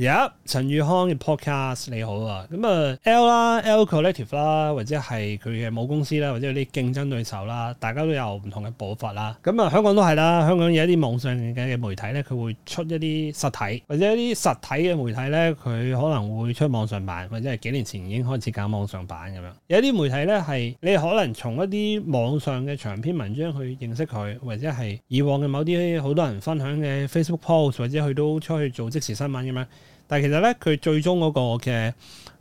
有、yep, 陳宇康嘅 podcast 你好啊，咁啊 L 啦、L, L Collective 啦，或者係佢嘅母公司啦，或者有啲競爭對手啦，大家都有唔同嘅步伐啦。咁啊，香港都係啦，香港有一啲網上嘅媒體咧，佢會出一啲實體，或者一啲實體嘅媒體咧，佢可能會出網上版，或者係幾年前已經開始搞網上版咁樣。有一啲媒體咧係你可能從一啲網上嘅長篇文章去認識佢，或者係以往嘅某啲好多人分享嘅 Facebook post，或者佢都出去做即時新聞咁樣。但係其實咧，佢最終嗰個嘅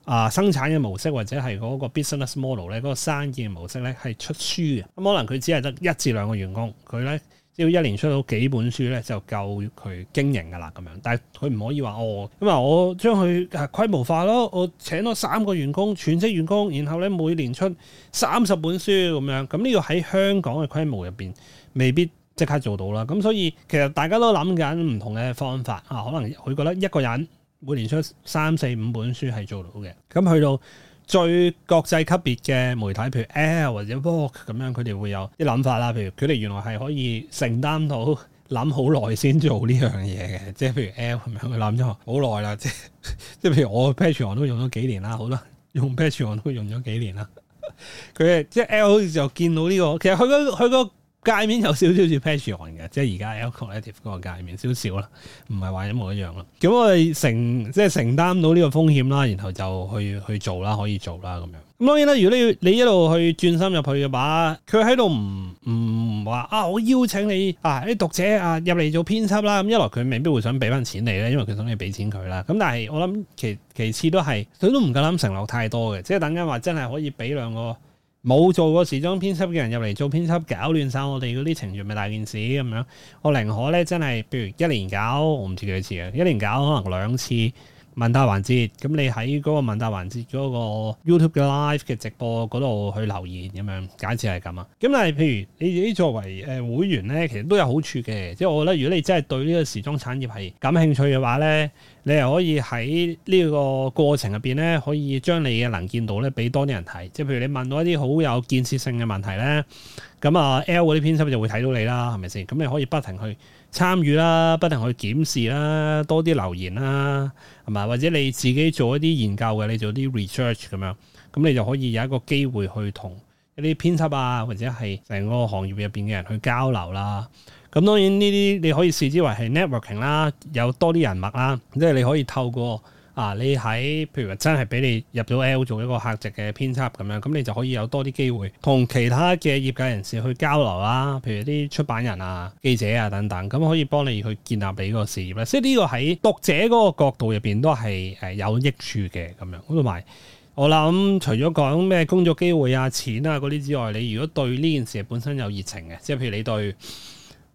啊生產嘅模式，或者係嗰個 business model 咧，嗰個生意嘅模式咧係出書嘅。咁、嗯、可能佢只係得一至兩個員工，佢咧只要一年出到幾本書咧就夠佢經營㗎啦咁樣。但係佢唔可以話哦，咁啊我將佢規模化咯，我請多三個員工，全職員工，然後咧每年出三十本書咁樣。咁呢、呢個喺香港嘅規模入邊未必即刻做到啦。咁、嗯、所以其實大家都諗緊唔同嘅方法啊，可能佢覺得一個人。每年出三四五本書係做到嘅，咁去到最國際級別嘅媒體，譬如 L 或者 w o r 咁樣，佢哋會有啲諗法啦。譬如佢哋原來係可以承擔到諗好耐先做呢樣嘢嘅，即係譬如 L 咁樣，佢諗咗好耐啦。即係即係譬如我 Patch 王都用咗幾年啦，好啦，用 Patch 王都用咗幾年啦。佢即係 L 好似就見到呢、這個，其實佢佢個。界面有少少似 Patreon 嘅，即係而家 Alcreative 嗰個界面少少啦，唔係話一模一樣咯。咁我哋承即係承擔到呢個風險啦，然後就去去做啦，可以做啦咁樣。咁當然啦，如果你你一路去轉心入去嘅話，佢喺度唔唔話啊，我邀請你啊啲讀者啊入嚟做編輯啦。咁一來佢未必會想俾翻錢你咧，因為佢想你俾錢佢啦。咁但係我諗其其次都係佢都唔夠膽承諾太多嘅，即係等間話真係可以俾兩個。冇做過時裝編輯嘅人入嚟做編輯，搞亂晒我哋嗰啲程序咪大件事咁樣。我寧可咧，真係，譬如一年搞，我唔知多幾次啊，一年搞可能兩次。問答環節，咁你喺嗰個問答環節嗰個 YouTube 嘅 live 嘅直播嗰度去留言咁樣，假設係咁啊。咁但係譬如你自己作為誒會員咧，其實都有好處嘅。即係我覺得，如果你真係對呢個時裝產業係感興趣嘅話咧，你又可以喺呢個過程入邊咧，可以將你嘅能見度咧俾多啲人睇。即係譬如你問到一啲好有建設性嘅問題咧。咁啊，L 嗰啲編輯就會睇到你啦，係咪先？咁你可以不停去參與啦，不停去檢視啦，多啲留言啦，係咪？或者你自己做一啲研究嘅，你做啲 research 咁樣，咁你就可以有一個機會去同一啲編輯啊，或者係成個行業入邊嘅人去交流啦、啊。咁當然呢啲你可以視之為係 networking 啦，有多啲人脈啦，即係你可以透過。啊！你喺譬如話真係俾你入咗 L 做一個客席嘅編輯咁樣，咁你就可以有多啲機會同其他嘅業界人士去交流啊，譬如啲出版人啊、記者啊等等，咁可以幫你去建立你個事業啦。即係呢個喺讀者嗰個角度入邊都係誒有益處嘅咁樣。同埋我諗，除咗講咩工作機會啊、錢啊嗰啲之外，你如果對呢件事本身有熱情嘅，即係譬如你對。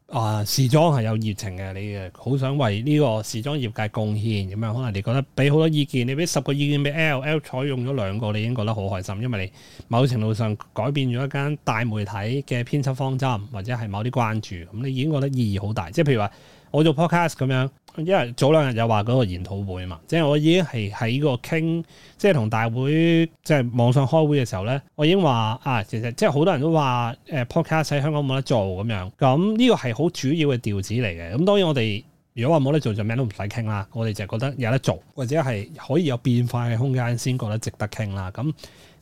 啊！時裝係有熱情嘅，你好想為呢個時裝業界貢獻咁樣，可能你覺得俾好多意見，你俾十個意見俾 LL 採用咗兩個，你已經覺得好開心，因為你某程度上改變咗一間大媒體嘅編輯方針，或者係某啲關注，咁你已經覺得意義好大，即係譬如話。我做 podcast 咁樣，因為早兩日就話嗰個研討會嘛，即係我已經係喺個傾，即係同大會即係網上開會嘅時候咧，我已經話啊，其實即係好多人都話誒 podcast 喺香港冇得做咁樣，咁呢個係好主要嘅調子嚟嘅。咁當然我哋如果話冇得做就咩都唔使傾啦，我哋就覺得有得做或者係可以有變化嘅空間先覺得值得傾啦。咁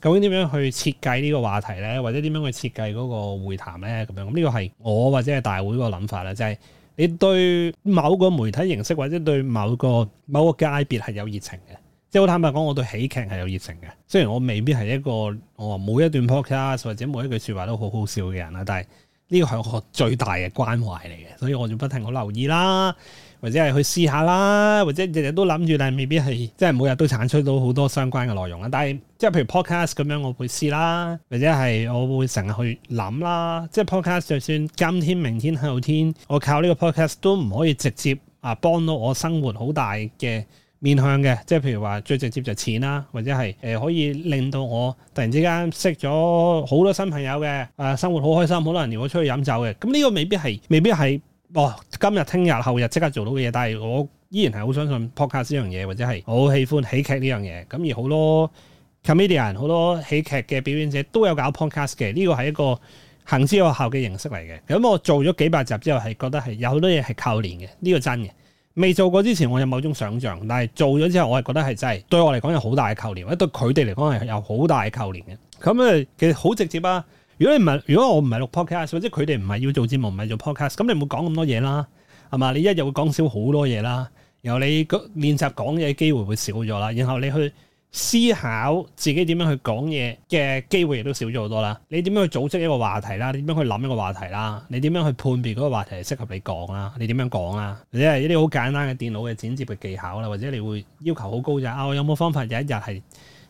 究竟點樣去設計呢個話題咧，或者點樣去設計嗰個會談咧？咁樣咁呢個係我或者係大會嗰個諗法啦，即係。你對某個媒體形式或者對某個某個界別係有熱情嘅，即好坦白講，我對喜劇係有熱情嘅。雖然我未必係一個我話每一段 Podcast 或者每一句説話都好好笑嘅人啦，但係呢個係我最大嘅關懷嚟嘅，所以我就不停好留意啦。或者係去試下啦，或者日日都諗住但係，未必係即係每日都產出到好多相關嘅內容啦。但係即係譬如 podcast 咁樣，我會試啦，或者係我會成日去諗啦。即係 podcast 就算今天、明天、後天，我靠呢個 podcast 都唔可以直接啊幫到我生活好大嘅面向嘅。即係譬如話最直接就錢啦，或者係誒可以令到我突然之間識咗好多新朋友嘅，誒生活好開心，好多人邀我出去飲酒嘅。咁呢個未必係，未必係。哦，今日、聽日、後日即刻做到嘅嘢，但係我依然係好相信 podcast 呢樣嘢，或者係好喜歡喜劇呢樣嘢。咁而好多 comedian、好多喜劇嘅表演者都有搞 podcast 嘅，呢個係一個行之有效嘅形式嚟嘅。咁、嗯、我做咗幾百集之後係覺得係有好多嘢係扣連嘅，呢、這個真嘅。未做過之前我有某種想像，但係做咗之後我係覺得係真係對我嚟講有好大嘅扣連或者對佢哋嚟講係有好大嘅扣連嘅。咁誒、嗯，其實好直接啊！如果你唔係，如果我唔係錄 podcast，或者佢哋唔係要做節目，唔係做 podcast，咁你唔會講咁多嘢啦，係嘛？你一日會講少好多嘢啦，然後你個練習講嘢嘅機會會少咗啦，然後你去思考自己點樣去講嘢嘅機會亦都少咗好多啦。你點樣去組織一個話題啦？你點樣去諗一個話題啦？你點樣去判別嗰個話題係適合你講啦？你點樣講啦？或者係一啲好簡單嘅電腦嘅剪接嘅技巧啦，或者你會要求好高咋？啊，我有冇方法有一日係？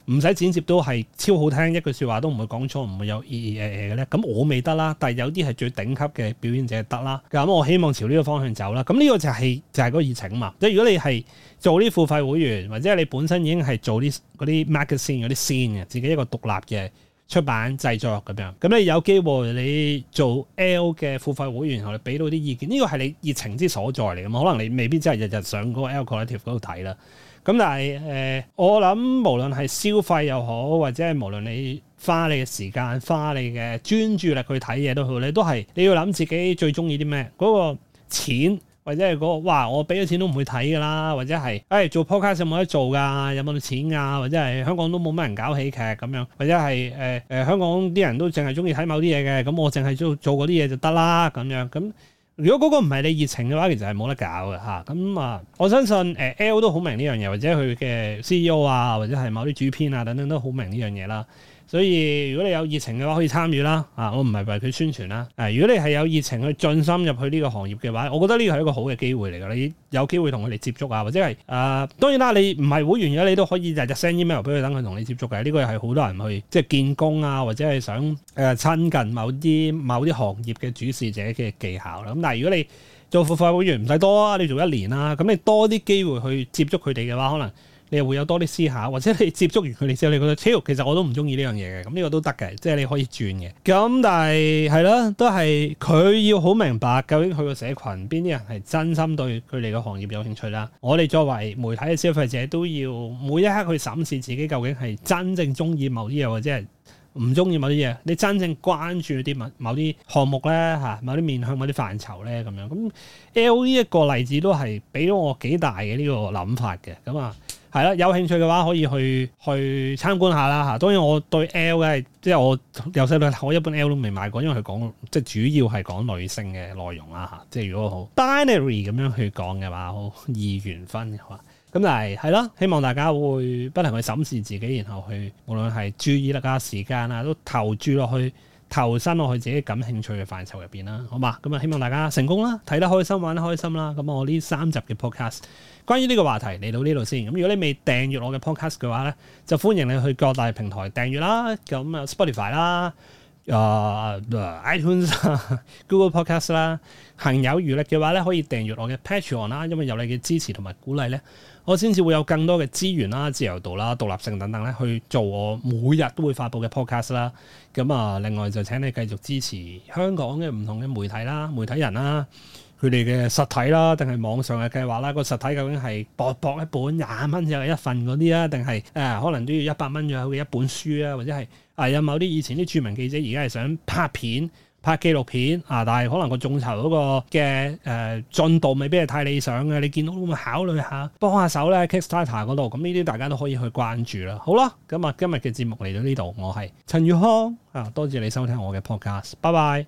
唔使剪接都係超好聽，一句說話都唔會講錯，唔會有意誒嘅咧。咁我未得啦，但係有啲係最頂級嘅表演者得啦。咁我希望朝呢個方向走啦。咁呢個就係、是、就係、是、個熱情啊嘛。即係如果你係做啲付費會員，或者你本身已經係做啲啲 magazine 啲 scene 嘅自己一個獨立嘅出版製作咁樣。咁你有機會你做 L 嘅付費會員，然後你俾到啲意見，呢個係你熱情之所在嚟噶嘛。可能你未必真係日日上嗰個 L collective 嗰度睇啦。咁但係誒、呃，我諗無論係消費又好，或者係無論你花你嘅時間、花你嘅專注力去睇嘢都好，你都係你要諗自己最中意啲咩？嗰、那個錢或者係嗰、那個哇，我俾咗錢都唔會睇㗎啦，或者係誒、哎、做 Podcast 有冇得做㗎？有冇錢啊？或者係香港都冇乜人搞喜劇咁樣，或者係誒誒香港啲人都淨係中意睇某啲嘢嘅，咁我淨係做做啲嘢就得啦咁樣咁。如果嗰個唔係你熱情嘅話，其實係冇得搞嘅嚇。咁啊，我相信誒 L 都好明呢樣嘢，或者佢嘅 CEO 啊，或者係某啲主編啊等等都好明呢樣嘢啦。所以如果你有熱情嘅話，可以參與啦。啊，我唔係為佢宣傳啦。誒、啊，如果你係有熱情去進深入去呢個行業嘅話，我覺得呢個係一個好嘅機會嚟㗎。你有機會同佢哋接觸啊，或者係誒、呃，當然啦，你唔係會員嘅，你都可以日日 send email 俾佢，等佢同你接觸嘅、啊。呢個係好多人去即係見工啊，或者係想誒、呃、親近某啲某啲行業嘅主事者嘅技巧啦、啊。咁但係如果你做付費會員唔使多啊，你做一年啦、啊，咁你多啲機會去接觸佢哋嘅話，可能。你又會有多啲思考，或者你接觸完佢哋之後，你覺得超其實我都唔中意呢樣嘢嘅，咁、這、呢個都得嘅，即係你可以轉嘅。咁但係係咯，都係佢要好明白究竟佢個社群邊啲人係真心對佢哋個行業有興趣啦。我哋作為媒體嘅消費者，都要每一刻去審視自己究竟係真正中意某啲嘢，或者係唔中意某啲嘢。你真正關注啲某啲項目咧嚇，某啲面向、某啲範疇咧咁樣。咁 L 呢一個例子都係俾咗我幾大嘅呢個諗法嘅，咁啊～係啦，有興趣嘅話可以去去參觀下啦嚇。當然，我對 L 嘅即係我由細到我一般 L 都未買過，因為佢講即係主要係講女性嘅內容啦嚇。即係如果好 binary 咁樣去講嘅話，好二元分嘅話，咁但係係咯。希望大家會不停去審視自己，然後去無論係注意啦、時間啦，都投注落去。投身落去自己感興趣嘅範疇入邊啦，好嘛？咁啊，希望大家成功啦，睇得開心，玩得開心啦。咁我呢三集嘅 podcast，關於呢個話題嚟到呢度先。咁如果你未訂閱我嘅 podcast 嘅話呢，就歡迎你去各大平台訂閱啦。咁啊，Spotify 啦。啊、uh，iTunes、 Google Podcast 啦，行有餘力嘅話咧，可以訂閱我嘅 Patreon 啦，因為有你嘅支持同埋鼓勵咧，我先至會有更多嘅資源啦、自由度啦、獨立性等等咧，去做我每日都會發佈嘅 podcast 啦。咁啊，另外就請你繼續支持香港嘅唔同嘅媒體啦、媒體人啦。佢哋嘅實體啦，定係網上嘅計劃啦？個實體究竟係薄薄一本廿蚊嘅一份嗰啲啊，定係誒可能都要一百蚊左右嘅一本書啊？或者係啊有某啲以前啲著名記者而家係想拍片、拍紀錄片啊？但係可能眾籌、嗰個眾籌嗰個嘅誒進度未必係太理想嘅。你見到咪考慮下幫下手咧？Kickstarter 嗰度咁呢啲，大家都可以去關注啦。好啦，咁啊今日嘅節目嚟到呢度，我係陳宇康啊，多謝你收聽我嘅 podcast，拜拜。